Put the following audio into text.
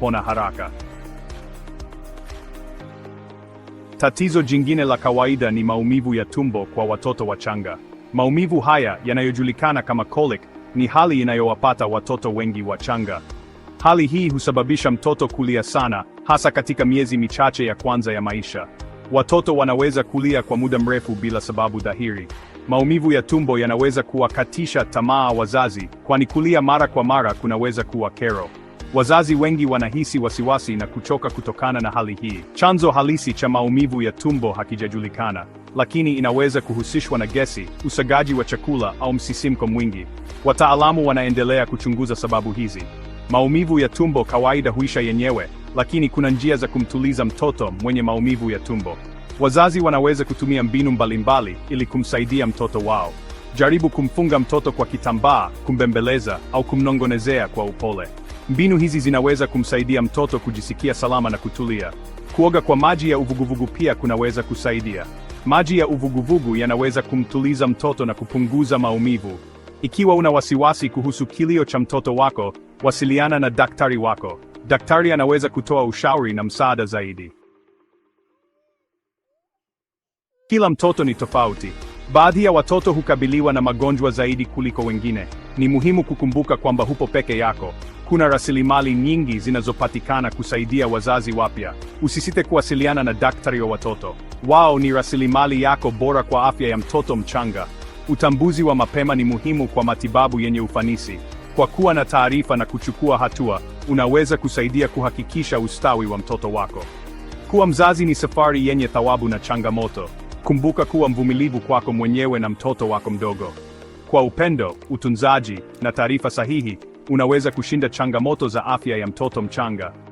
Pona haraka. Tatizo jingine la kawaida ni maumivu ya tumbo kwa watoto wachanga. Maumivu haya yanayojulikana kama colic ni hali inayowapata watoto wengi wachanga. Hali hii husababisha mtoto kulia sana, hasa katika miezi michache ya kwanza ya maisha. Watoto wanaweza kulia kwa muda mrefu bila sababu dhahiri. Maumivu ya tumbo yanaweza kuwakatisha tamaa wazazi, kwani kulia mara kwa mara kunaweza kuwa kero. Wazazi wengi wanahisi wasiwasi na kuchoka kutokana na hali hii. Chanzo halisi cha maumivu ya tumbo hakijajulikana, lakini inaweza kuhusishwa na gesi, usagaji wa chakula au msisimko mwingi. Wataalamu wanaendelea kuchunguza sababu hizi. Maumivu ya tumbo kawaida huisha yenyewe, lakini kuna njia za kumtuliza mtoto mwenye maumivu ya tumbo. Wazazi wanaweza kutumia mbinu mbalimbali ili kumsaidia mtoto wao. Jaribu kumfunga mtoto kwa kitambaa, kumbembeleza au kumnongonezea kwa upole. Mbinu hizi zinaweza kumsaidia mtoto kujisikia salama na kutulia. Kuoga kwa maji ya uvuguvugu pia kunaweza kusaidia. Maji ya uvuguvugu yanaweza kumtuliza mtoto na kupunguza maumivu. Ikiwa una wasiwasi kuhusu kilio cha mtoto wako, wasiliana na daktari wako. Daktari anaweza kutoa ushauri na msaada zaidi. Kila mtoto ni tofauti. Baadhi ya watoto hukabiliwa na magonjwa zaidi kuliko wengine. Ni muhimu kukumbuka kwamba hupo peke yako. Kuna rasilimali nyingi zinazopatikana kusaidia wazazi wapya. Usisite kuwasiliana na daktari wa watoto. Wao ni rasilimali yako bora kwa afya ya mtoto mchanga. Utambuzi wa mapema ni muhimu kwa matibabu yenye ufanisi. Kwa kuwa na taarifa na kuchukua hatua, unaweza kusaidia kuhakikisha ustawi wa mtoto wako. Kuwa mzazi ni safari yenye thawabu na changamoto. Kumbuka kuwa mvumilivu kwako mwenyewe na mtoto wako mdogo. Kwa upendo, utunzaji na taarifa sahihi, unaweza kushinda changamoto za afya ya mtoto mchanga.